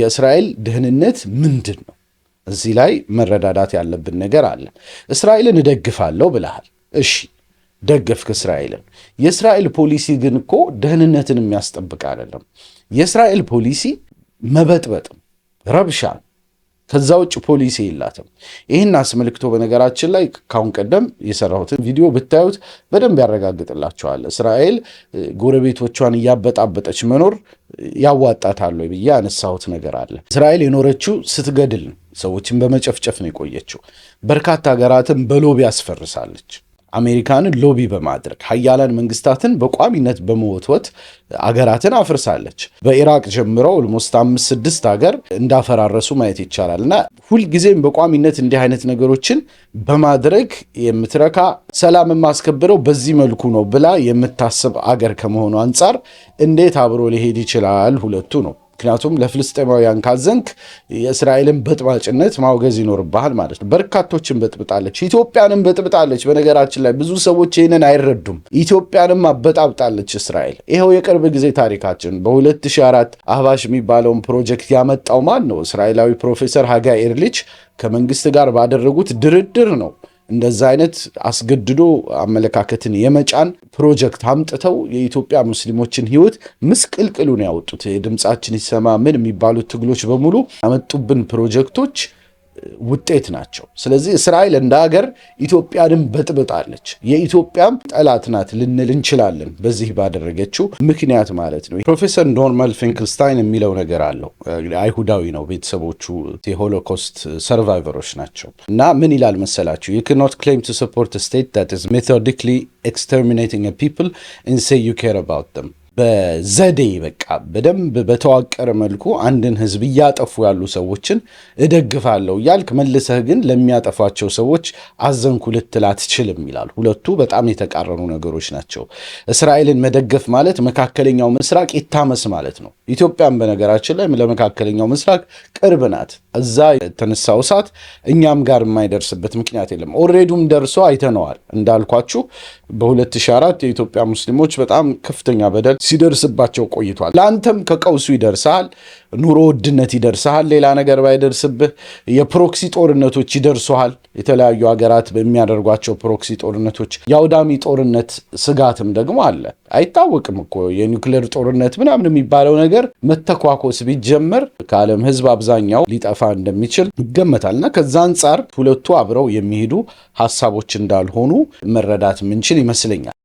የእስራኤል ደህንነት ምንድን ነው? እዚህ ላይ መረዳዳት ያለብን ነገር አለ። እስራኤልን እደግፋለሁ ብለሃል። እሺ ደገፍክ እስራኤልን። የእስራኤል ፖሊሲ ግን እኮ ደህንነትን የሚያስጠብቅ አይደለም። የእስራኤል ፖሊሲ መበጥበጥም፣ ረብሻ ከዛ ውጭ ፖሊሲ የላትም። ይህን አስመልክቶ በነገራችን ላይ ካሁን ቀደም የሰራሁትን ቪዲዮ ብታዩት በደንብ ያረጋግጥላቸዋል። እስራኤል ጎረቤቶቿን እያበጣበጠች መኖር ያዋጣታል ብዬ ያነሳሁት ነገር አለ። እስራኤል የኖረችው ስትገድል ሰዎችን በመጨፍጨፍ ነው የቆየችው። በርካታ ሀገራትን በሎቢ ያስፈርሳለች። አሜሪካንን ሎቢ በማድረግ ሀያላን መንግስታትን በቋሚነት በመወትወት አገራትን አፍርሳለች። በኢራቅ ጀምሮ ኦልሞስት አምስት ስድስት ሀገር እንዳፈራረሱ ማየት ይቻላል። እና ሁልጊዜም በቋሚነት እንዲህ አይነት ነገሮችን በማድረግ የምትረካ ሰላም የማስከብረው በዚህ መልኩ ነው ብላ የምታስብ አገር ከመሆኑ አንጻር እንዴት አብሮ ሊሄድ ይችላል? ሁለቱ ነው። ምክንያቱም ለፍልስጤማውያን ካዘንክ የእስራኤልን በጥባጭነት ማውገዝ ይኖርብሃል ማለት ነው። በርካቶችን በጥብጣለች፣ ኢትዮጵያንም በጥብጣለች። በነገራችን ላይ ብዙ ሰዎች ይህንን አይረዱም። ኢትዮጵያንም አበጣብጣለች እስራኤል። ይኸው የቅርብ ጊዜ ታሪካችን በ2004 አህባሽ የሚባለውን ፕሮጀክት ያመጣው ማን ነው? እስራኤላዊ ፕሮፌሰር ሀጋ ኤርሊች ከመንግስት ጋር ባደረጉት ድርድር ነው። እንደዛ አይነት አስገድዶ አመለካከትን የመጫን ፕሮጀክት አምጥተው የኢትዮጵያ ሙስሊሞችን ህይወት ምስቅልቅሉን ያወጡት የድምፃችን ይሰማ ምን የሚባሉት ትግሎች በሙሉ ያመጡብን ፕሮጀክቶች ውጤት ናቸው። ስለዚህ እስራኤል እንደ ሀገር ኢትዮጵያንም በጥብጣለች፣ የኢትዮጵያም ጠላት ናት ልንል እንችላለን፣ በዚህ ባደረገችው ምክንያት ማለት ነው። ፕሮፌሰር ኖርማል ፊንክልስታይን የሚለው ነገር አለው። አይሁዳዊ ነው፣ ቤተሰቦቹ የሆሎኮስት ሰርቫይቨሮች ናቸው እና ምን ይላል መሰላችሁ ዩ ካንኖት ክሌም ቱ ሰፖርት ስቴት ስ ኢዝ ሜቶዲካሊ ኤክስተርሚኔቲንግ ፒፕል ኤንድ ዩ ኬር አባውት ዘም በዘዴ በቃ በደንብ በተዋቀረ መልኩ አንድን ህዝብ እያጠፉ ያሉ ሰዎችን እደግፋለሁ እያልክ መልሰህ ግን ለሚያጠፏቸው ሰዎች አዘንኩ ልትል አትችልም ይላል። ሁለቱ በጣም የተቃረኑ ነገሮች ናቸው። እስራኤልን መደገፍ ማለት መካከለኛው ምስራቅ ይታመስ ማለት ነው። ኢትዮጵያን በነገራችን ላይ ለመካከለኛው ምስራቅ ቅርብ ናት። እዛ የተነሳው እሳት እኛም ጋር የማይደርስበት ምክንያት የለም። ኦሬዱም ደርሶ አይተነዋል። እንዳልኳችሁ በ2004 የኢትዮጵያ ሙስሊሞች በጣም ከፍተኛ በደል ሲደርስባቸው ቆይቷል። ለአንተም ከቀውሱ ይደርሳል ኑሮ ውድነት ይደርሳል ሌላ ነገር ባይደርስብህ የፕሮክሲ ጦርነቶች ይደርሱሃል። የተለያዩ ሀገራት በሚያደርጓቸው ፕሮክሲ ጦርነቶች የአውዳሚ ጦርነት ስጋትም ደግሞ አለ። አይታወቅም እኮ የኒውክሌር ጦርነት ምናምን የሚባለው ነገር መተኳኮስ ቢጀመር ከዓለም ሕዝብ አብዛኛው ሊጠፋ እንደሚችል ይገመታል እና ከዛ አንጻር ሁለቱ አብረው የሚሄዱ ሀሳቦች እንዳልሆኑ መረዳት ምንችል ይመስለኛል።